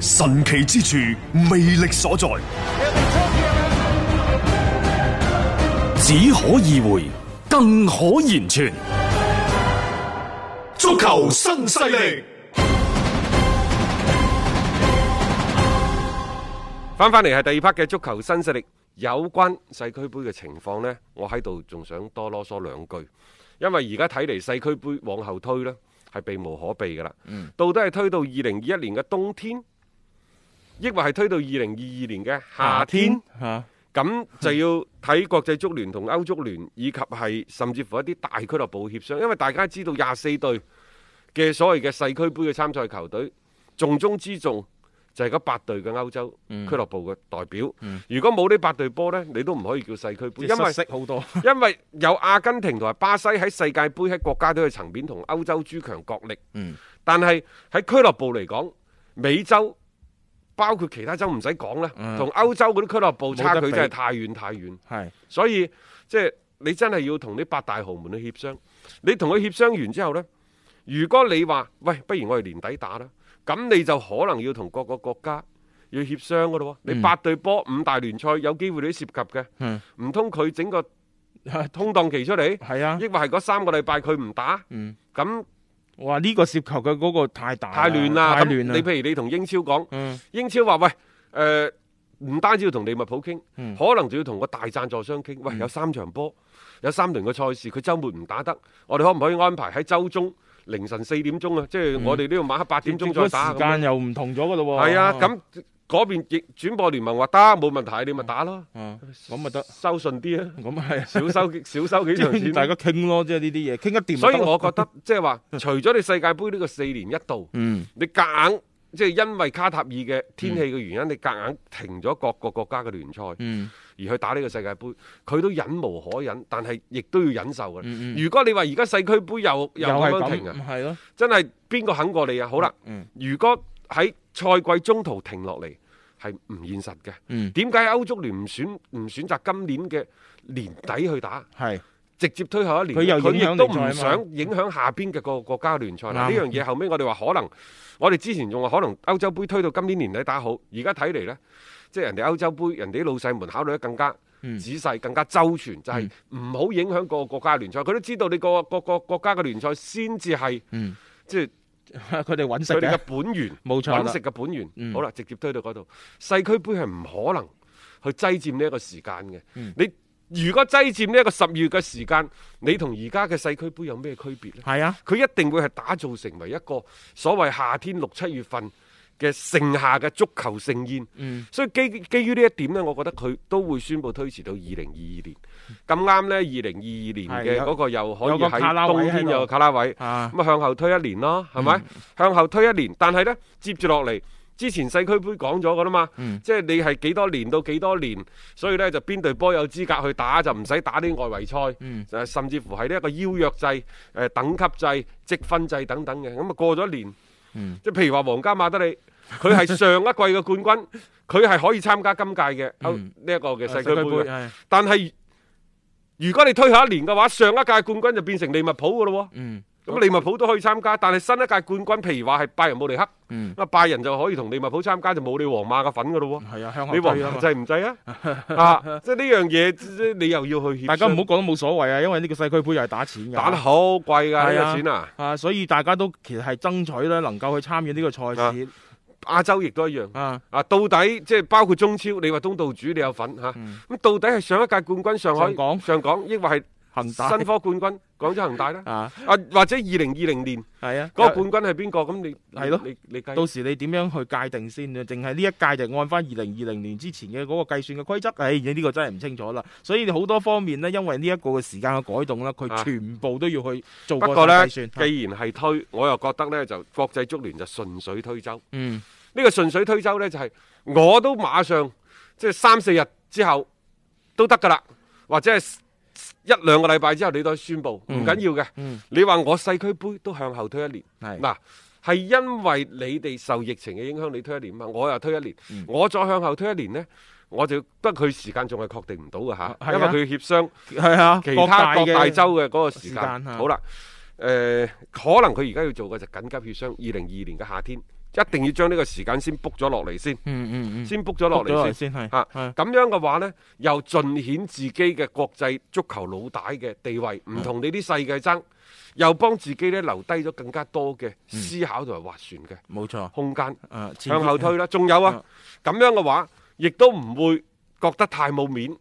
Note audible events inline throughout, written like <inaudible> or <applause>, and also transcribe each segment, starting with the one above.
神奇之處，魅力所在，只可意會，更可言傳。足球新勢力，翻翻嚟係第二 part 嘅足球新勢力。有關世俱杯嘅情況呢，我喺度仲想多囉嗦兩句，因為而家睇嚟世俱杯往後推呢，係避無可避噶啦。嗯、到底係推到二零二一年嘅冬天？抑或係推到二零二二年嘅夏天嚇，咁就要睇國際足聯同歐足聯以及係甚至乎一啲大俱樂部協商，因為大家知道廿四隊嘅所謂嘅世俱杯嘅參賽球隊，重中之重就係嗰八隊嘅歐洲俱樂部嘅代表。如果冇呢八隊波呢，你都唔可以叫世俱杯，因為因為有阿根廷同埋巴西喺世界盃喺國家隊嘅層面同歐洲諸強角力。嗯，但係喺俱樂部嚟講，美洲。包括其他州唔使講啦，同、嗯、歐洲嗰啲俱樂部差距真係太遠太遠。係是，所以即係、就是、你真係要同呢八大豪門去協商。你同佢協商完之後呢，如果你話喂，不如我哋年底打啦，咁你就可能要同各個國家要協商咯喎。嗯、你八對波五大聯賽有機會你涉及嘅，唔通佢整個通檔期出嚟？係啊，抑或係嗰三個禮拜佢唔打？咁、嗯。嗯我呢、這個涉及嘅嗰個太大，太亂啦！太亂啦！你譬如你同英超講，嗯、英超話喂，誒、呃、唔單止要同利物浦傾，嗯、可能仲要同個大贊助商傾。嗯、喂，有三場波，有三輪嘅賽事，佢週末唔打得，我哋可唔可以安排喺週中凌晨四點鐘啊？嗯、即係我哋都要晚黑八點鐘再打，時間又唔同咗噶咯喎。係、嗯、啊，咁。哦哦嗰邊亦轉播聯盟話得冇問題，你咪打咯。嗯，咁咪得收信啲啊。咁咪係。少收少收幾場錢，大家傾咯，即係呢啲嘢傾一掂。所以我覺得即係話，除咗你世界杯呢個四年一度，嗯，你夾硬即係因為卡塔爾嘅天氣嘅原因，你夾硬停咗各個國家嘅聯賽，嗯，而去打呢個世界杯，佢都忍無可忍，但係亦都要忍受嘅。嗯嗯。如果你話而家世俱杯又又咁樣停嘅，唔係咯，真係邊個肯過你啊？好啦，嗯，如果喺賽季中途停落嚟係唔現實嘅。點解、嗯、歐足聯唔選唔選擇今年嘅年底去打？係是直接推後一年，佢亦都唔想影響下邊嘅各個國家聯賽。呢樣嘢後尾我哋話可能，我哋之前仲話可能歐洲杯推到今年年底打好。而家睇嚟呢，即係人哋歐洲杯，人哋啲老細們考慮得更加仔細、更加周全，就係唔好影響各個國家聯賽。佢、嗯、都知道你各個各個國家嘅聯賽先至係即係。嗯佢哋揾食，嘅本源冇錯，揾食嘅本源。好啦，直接推到嗰度，世俱杯係唔可能去擠佔呢一個時間嘅、嗯。你如果擠佔呢一個十二月嘅時間，你同而家嘅世俱杯有咩區別呢？係啊、嗯，佢一定會係打造成為一個所謂夏天六七月份。嘅剩下嘅足球盛宴，嗯、所以基基於呢一點呢，我覺得佢都會宣布推遲到二零二二年。咁啱呢，二零二二年嘅嗰個又可以喺冬天有卡拉位，咁啊向後推一年咯，係咪？嗯、向後推一年，但係呢，接住落嚟之前世俱杯講咗噶啦嘛，嗯、即係你係幾多年到幾多年，所以呢，就邊隊波有資格去打就唔使打啲外圍賽，嗯、甚至乎係呢一個邀約制、誒等級制、積分制等等嘅，咁啊過咗一年。嗯，即係譬如話皇家馬德里，佢係上一季嘅冠軍，佢係可以參加今屆嘅呢一個嘅世界杯。冠冠嗯，但係如果你推下一年嘅話，上一屆冠軍就變成利物浦噶咯。嗯。咁利物浦都可以參加，但係新一屆冠軍，譬如話係拜仁慕尼黑，啊拜仁就可以同利物浦參加，就冇你皇馬嘅份噶咯喎。係啊，香港你制唔制啊！啊，即係呢樣嘢，你又要去協商。大家唔好講得冇所謂啊，因為呢個世俱杯又係打錢，打得好貴㗎，有錢啊！啊，所以大家都其實係爭取咧，能夠去參與呢個賽事。亞洲亦都一樣啊！啊，到底即係包括中超，你話東道主你有份嚇，咁到底係上一屆冠軍上海上港，抑或係？新科冠軍，廣州恒大咧啊，或者二零二零年係啊，嗰個冠軍係邊個？咁你係咯，你你計到時你點樣去界定先？就淨係呢一屆就按翻二零二零年之前嘅嗰個計算嘅規則。唉，你呢個真係唔清楚啦。所以你好多方面咧，因為呢一個嘅時間嘅改動咧，佢全部都要去做過計算。不過咧，既然係推，我又覺得咧就國際足聯就順水推舟。嗯，呢個順水推舟咧就係我都馬上即係三四日之後都得噶啦，或者係。一兩個禮拜之後你再宣佈，唔緊要嘅。嗯、你話我世俱杯都向後推一年，嗱係是因為你哋受疫情嘅影響，你推一年嘛，我又推一年，嗯、我再向後推一年呢，我就，不過佢時間仲係確定唔到㗎吓，啊、因為佢要協商。係啊，其他各大洲嘅嗰個時間。時間啊、好啦，誒、呃、可能佢而家要做嘅就緊急協商，二零二二年嘅夏天。一定要將呢個時間先 book 咗落嚟先，嗯嗯先 book 咗落嚟先，嚇，咁是是樣嘅話呢，又盡顯自己嘅國際足球老大嘅地位，唔同你啲世界爭，是又幫自己咧留低咗更加多嘅思考同埋劃船嘅，冇錯，空間，呃、向後推啦，仲有啊，咁、呃、樣嘅話，亦都唔會覺得太冇面，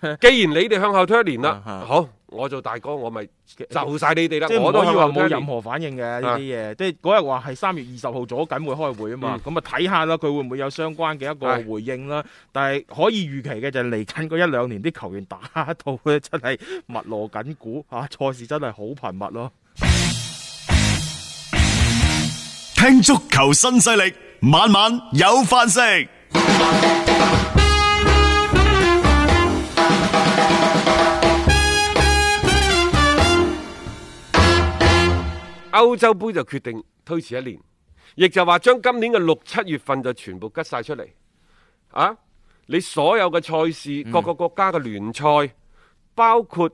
是既然你哋向後推一年啦，好。我做大哥，我咪就晒你哋啦。即係是我都以為冇任何反應嘅呢啲嘢。即係嗰日話係三月二十號左右會開會啊嘛，咁啊睇下啦，佢會唔會有相關嘅一個回應啦？啊、但係可以預期嘅就係嚟緊嗰一兩年啲球員打到咧，真係密鑼緊鼓。啊！賽事真係好頻密咯。聽足球新勢力，晚晚有飯食。歐洲盃就決定推遲一年，亦就話將今年嘅六七月份就全部吉晒出嚟。啊，你所有嘅賽事，各個國家嘅聯賽，嗯、包括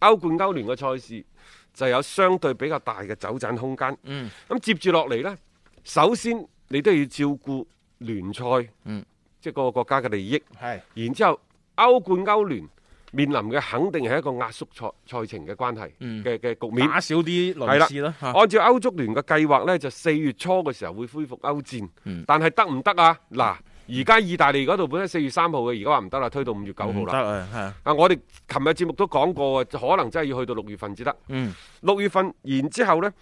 歐冠、歐聯嘅賽事，就有相對比較大嘅走盞空間，嗯嗯。嗯，咁接住落嚟呢，首先你都要照顧聯賽，嗯，即係各個國家嘅利益。係是，然之後歐冠歐、歐聯。面臨嘅肯定係一個壓縮賽賽程嘅關係嘅嘅局面，打少啲輪次。按照歐足聯嘅計劃呢，就四月初嘅時候會恢復歐戰，嗯、但係得唔得啊？嗱，而家意大利嗰度本身四月三號嘅，而家話唔得啦，推到五月九號啦。嗯、啊！我哋琴日節目都講過可能真係要去到月、嗯、六月份至得。嗯，六月份然之後呢，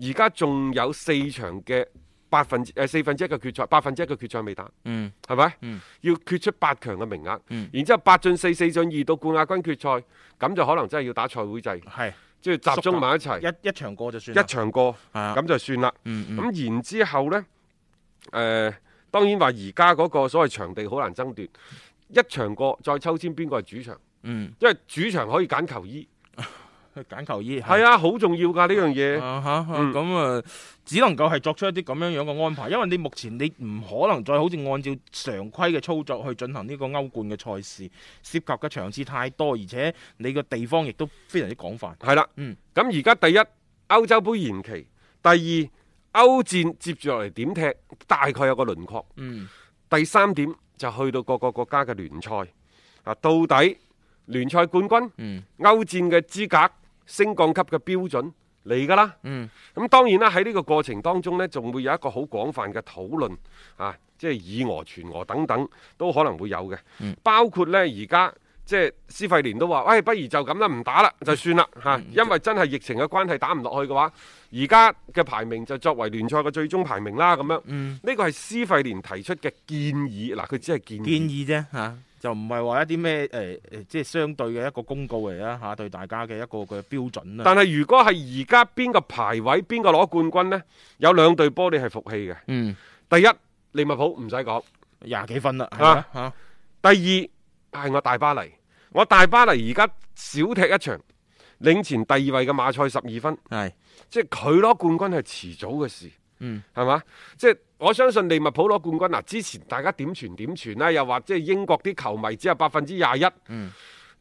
而家仲有四場嘅。八分之誒，四分之一嘅決賽，八分之一嘅決賽未打，嗯，係咪吧？嗯，要決出八強嘅名額，嗯，然之後八進四，四進二到冠亞軍決賽，咁就可能真係要打賽會制，係是，即係集中埋一齊，一一場過就算，一場過，咁就算啦，嗯，咁然之後呢，誒，當然話而家嗰個所謂場地好難爭奪，一場過再抽籤邊個係主場，嗯，因為主場可以揀球衣。揀球衣係啊，好重要噶呢樣嘢。咁啊，只能夠係作出一啲咁樣樣嘅安排，因為你目前你唔可能再好似按照常規嘅操作去進行呢個歐冠嘅賽事，涉及嘅場次太多，而且你個地方亦都非常之廣泛。係啦，啊，嗯，咁而家第一歐洲盃延期，第二歐戰接住落嚟點踢，大概有個輪廓。嗯，第三點就去到各個國家嘅聯賽啊，到底聯賽冠軍，嗯，歐戰嘅資格。升降級嘅標準嚟㗎啦，咁、嗯、當然啦喺呢個過程當中呢，仲會有一個好廣泛嘅討論，啊，即係以訛傳訛等等都可能會有嘅，嗯、包括呢。而家即係施費廉都話，喂、哎，不如就咁啦，唔打啦，就算啦嚇，啊嗯、因為真係疫情嘅關係打唔落去嘅話，而家嘅排名就作為聯賽嘅最終排名啦，咁樣呢個係施費廉提出嘅建議，嗱、啊，佢只係建議啫嚇。就唔係話一啲咩誒誒，即係相對嘅一個公告嚟啦吓，對大家嘅一個嘅標準啦。但係如果係而家邊個排位邊個攞冠軍呢？有兩隊波你係服氣嘅。嗯，第一利物浦唔使講廿幾分啦吓吓。第二係我大巴黎，我大巴黎而家少踢一場，領前第二位嘅馬賽十二分，係是即係佢攞冠軍係遲早嘅事。嗯，係嘛？即係我相信利物浦攞冠軍啊！之前大家點傳點傳咧？又或者係英國啲球迷只有百分之廿一，嗯，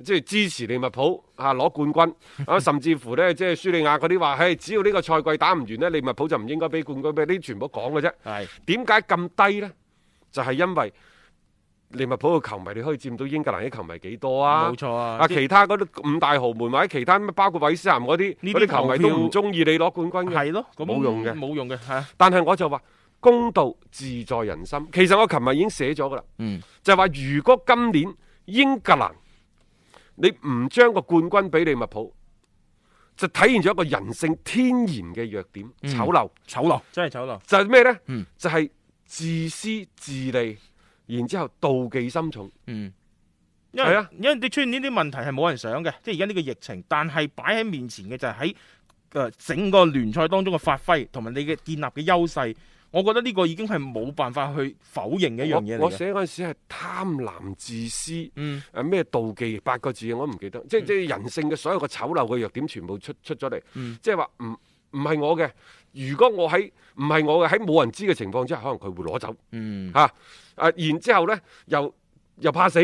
即係支持利物浦啊，攞冠軍啊，甚至乎呢，即係舒利亞嗰啲話，唉，只要呢個賽季打唔完呢，利物浦就唔應該俾冠軍俾，呢啲全部講嘅啫。係點解咁低呢？就係、係、因為。利物浦個球迷你可以佔到英格蘭啲球迷幾多啊？冇錯啊！啊，其他嗰啲五大豪門或者其他包括韋斯咸嗰啲，嗰啲球迷都唔中意你攞冠軍嘅，係咯的，冇用嘅，冇用嘅吓。但係我就話公道自在人心，其實我琴日已經寫咗噶啦，嗯，就係話如果今年英格蘭你唔將個冠軍俾利物浦，就體現咗一個人性天然嘅弱點，醜陋，嗯，醜陋，醜陋，真係醜陋，陋就係咩咧？嗯、就係自私自，自利。然之後妒忌深重，嗯，係啊，因為你出現呢啲問題係冇人想嘅，即係而家呢個疫情，但係擺喺面前嘅就係喺誒整個聯賽當中嘅發揮同埋你嘅建立嘅優勢，我覺得呢個已經係冇辦法去否認嘅一樣嘢。我寫嗰陣時係貪婪自私，嗯，誒咩、啊、妒忌八個字，我唔記得，即係即係人性嘅所有嘅醜陋嘅弱點全部出出咗嚟，嗯、即係話唔。嗯唔係我嘅，如果我喺唔係我嘅喺冇人知嘅情況之下，可能佢會攞走，吓、嗯啊、誒、啊，然之後咧又又怕死，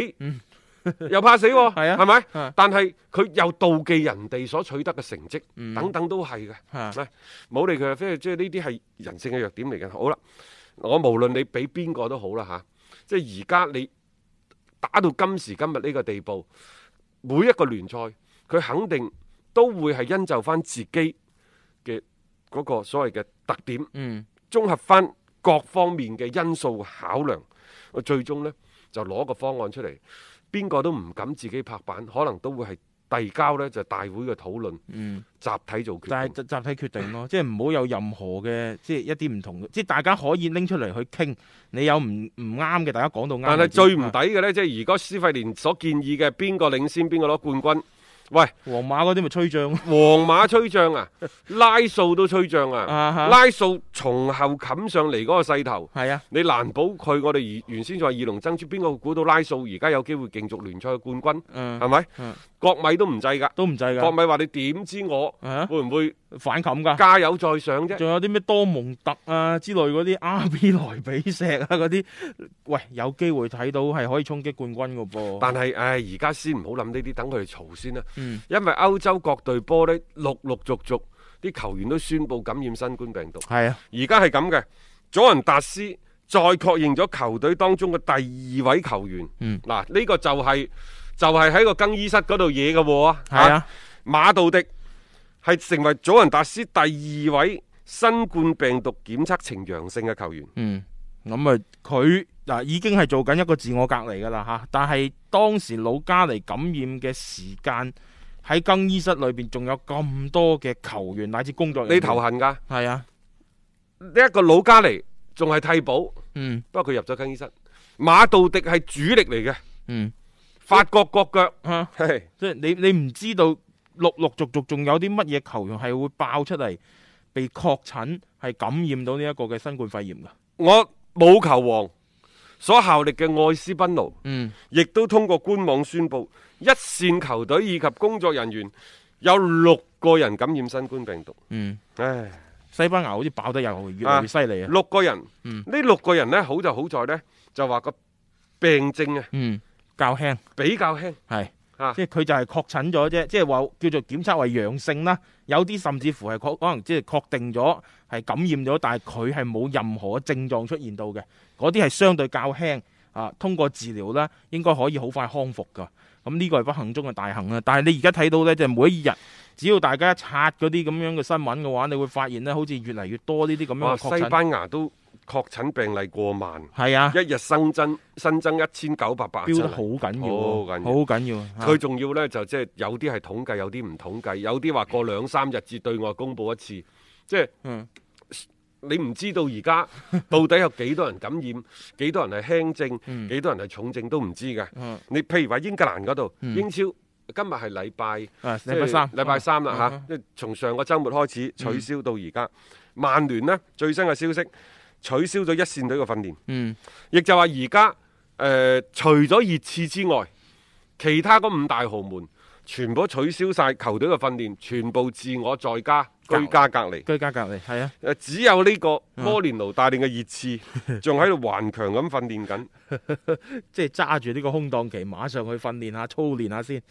又怕死，係、嗯、啊、係咪？ <laughs> 是啊、但係佢又妒忌人哋所取得嘅成績，嗯、等等都係嘅，冇理佢啊！即係即係呢啲係人性嘅弱點嚟嘅。好啦，我無論你俾邊個都好啦吓、啊，即係而家你打到今時今日呢個地步，每一個聯賽佢肯定都會係因就翻自己。嘅嗰個所謂嘅特點，嗯，綜合翻各方面嘅因素考量，我最終呢就攞個方案出嚟，邊個都唔敢自己拍板，可能都會係遞交呢，就係大會嘅討論，嗯，集體做決定，但係集集體決定咯，即係唔好有任何嘅即係一啲唔同，即係大家可以拎出嚟去傾，你有唔唔啱嘅，大家講到啱。但係最唔抵嘅呢，即係如果施費連所建議嘅，邊個領先，邊個攞冠軍。喂，皇馬嗰啲咪吹脹，皇馬吹脹啊，拉素都吹脹啊， <laughs> 拉素從後冚上嚟嗰個勢頭，係啊，你難保佢，我哋原先就係二龍爭珠，邊個估到拉素，而家有機會競逐聯賽冠軍，嗯，係咪？嗯、啊，國米都唔制噶，都唔制噶，國米話你點知我會會、啊，會唔會？反冚加油再上啫！仲有啲咩多蒙特啊之類嗰啲 R.B. 萊比錫啊嗰啲，喂、 <laughs> 哎，有機會睇到係可以衝擊冠軍噶噃。但係誒而家先唔好諗呢啲，等佢哋嘈先啦。嗯、因為歐洲各隊波咧，陸陸續續啲球員都宣布感染新冠病毒。係啊，而家係咁嘅，佐仁達斯再確認咗球隊當中嘅第二位球員，嗯，嗱、啊，呢、這個就係、是、就係、是、喺個更衣室嗰度惹嘅喎、啊。係啊，啊，馬道迪。係成為祖雲達斯第二位新冠病毒檢測呈陽性嘅球員。嗯，咁啊，佢嗱已經係做緊一個自我隔離噶啦吓。但係當時老加尼感染嘅時間喺更衣室裏邊仲有咁多嘅球員，乃至工作人員，你頭痕噶？係啊，呢一個老加尼仲係替補。嗯，不過佢入咗更衣室。馬道迪係主力嚟嘅。嗯，法國國腳啊，即係你你唔知道。陸陸續續仲有啲乜嘢球員係會爆出嚟，被確診係感染到呢一個嘅新冠肺炎噶？我冇球王所效力嘅愛斯賓奴，嗯，亦都通過官網宣布，一線球隊以及工作人員有六個人感染新冠病毒。嗯，唉，西班牙好似爆得又越嚟越犀利啊！六個人，呢、嗯、六個人呢，好就好在呢，就話個病症啊，嗯，較輕，比較輕，係。即係佢就係確診咗啫，即係話叫做檢測為陽性啦。有啲甚至乎係確可能即係確定咗係感染咗，但係佢係冇任何症狀出現到嘅。嗰啲係相對較輕啊，通過治療啦，應該可以好快康復噶。咁呢個係不幸中嘅大幸啊！但係你而家睇到咧，就係每一日只要大家一刷嗰啲咁樣嘅新聞嘅話，你會發現咧，好似越嚟越多呢啲咁樣嘅確診。西班牙都。確診病例過萬，係啊，一日新增新增一千九百八，飆得好緊要，好緊要，好緊要。佢仲要呢，就即係有啲係統計，有啲唔統計，有啲話過兩三日至對外公佈一次，即係你唔知道而家到底有幾多人感染，幾多人係輕症，幾多人係重症都唔知㗎。你譬如話英格蘭嗰度英超今日係禮拜，禮拜三，禮拜三啦嚇。即係從上個周末開始取消到而家，曼聯呢，最新嘅消息。取消咗一線隊嘅訓練，亦、嗯、就話而家誒除咗熱刺之外，其他五大豪門全部取消晒球隊嘅訓練，全部自我在家。居家隔離，居家隔離，係啊！誒，只有呢個摩連奴帶領嘅熱刺，仲喺度頑強咁訓練緊，即係揸住呢個空檔期，馬上去訓練下、操練下先。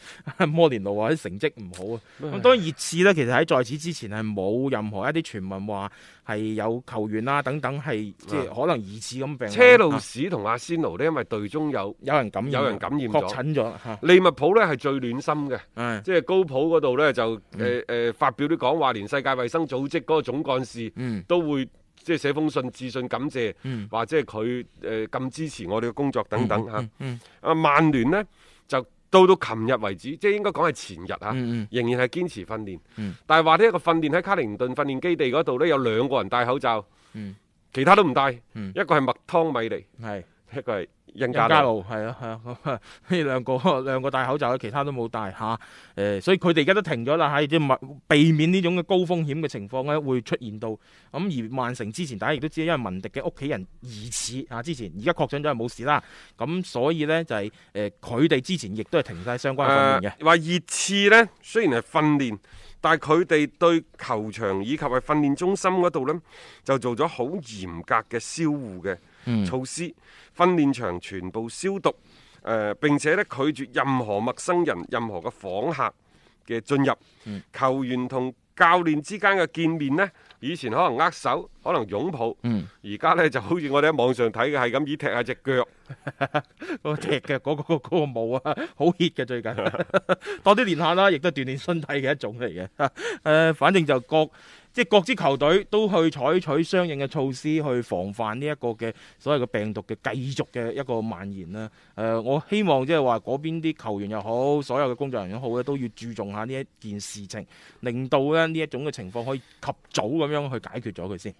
摩連奴話啲成績唔好啊，咁當然熱刺呢，其實喺在此之前係冇任何一啲傳聞話係有球員啊等等係即係可能疑似咁病。車路士同阿仙奴呢，因為隊中有有人感染，有人感染確診咗。利物浦呢係最暖心嘅，即係高普嗰度呢，就誒誒發表啲講話，連西。世界衛生組織嗰個總幹事，嗯、都會即係寫封信致信感謝，嗯、或者係佢誒咁支持我哋嘅工作等等吓。嗯嗯嗯，啊，曼聯呢就到到琴日為止，即係應該講係前日吓，啊嗯嗯，仍然係堅持訓練。嗯、但係話咧，個訓練喺卡靈頓訓練基地嗰度呢，有兩個人戴口罩，嗯、其他都唔戴。嗯、一個係麥湯米尼。是一個係印加路，係啊係啊，呢兩、啊啊、個兩個戴口罩，其他都冇戴吓。誒、啊，所以佢哋而家都停咗啦，喺即係避免呢種嘅高風險嘅情況咧，會出現到。咁而曼城之前，大家亦都知道，因為文迪嘅屋企人疑似啊，之前而家確診咗，係冇事啦。咁、啊、所以咧就係、是、誒，佢、啊、哋之前亦都係停晒相關訓練嘅。話熱、啊、刺咧，雖然係訓練，但係佢哋對球場以及係訓練中心嗰度咧，就做咗好嚴格嘅消護嘅。嗯、措施，訓練場全部消毒，誒、呃、並且咧拒絕任何陌生人、任何嘅訪客嘅進入。嗯、球員同教練之間嘅見面呢，以前可能握手，可能擁抱，而家、嗯、呢就好似我哋喺網上睇嘅，係咁以踢下隻腳，嗰 <laughs> 踢腳的嗰、 <laughs> 嗰個嗰、嗰個舞、嗰個、啊，好 hit 嘅最近， <laughs> 多啲練下啦，亦都係鍛鍊身體嘅一種嚟嘅。誒、呃，反正就覺。即係各支球隊都去採取相應嘅措施去防範呢一個嘅所謂嘅病毒嘅繼續嘅一個蔓延啦。誒、呃，我希望即係話嗰邊啲球員又好，所有嘅工作人員好嘅都要注重下呢一件事情，令到咧呢一種嘅情況可以及早咁樣去解決咗佢先。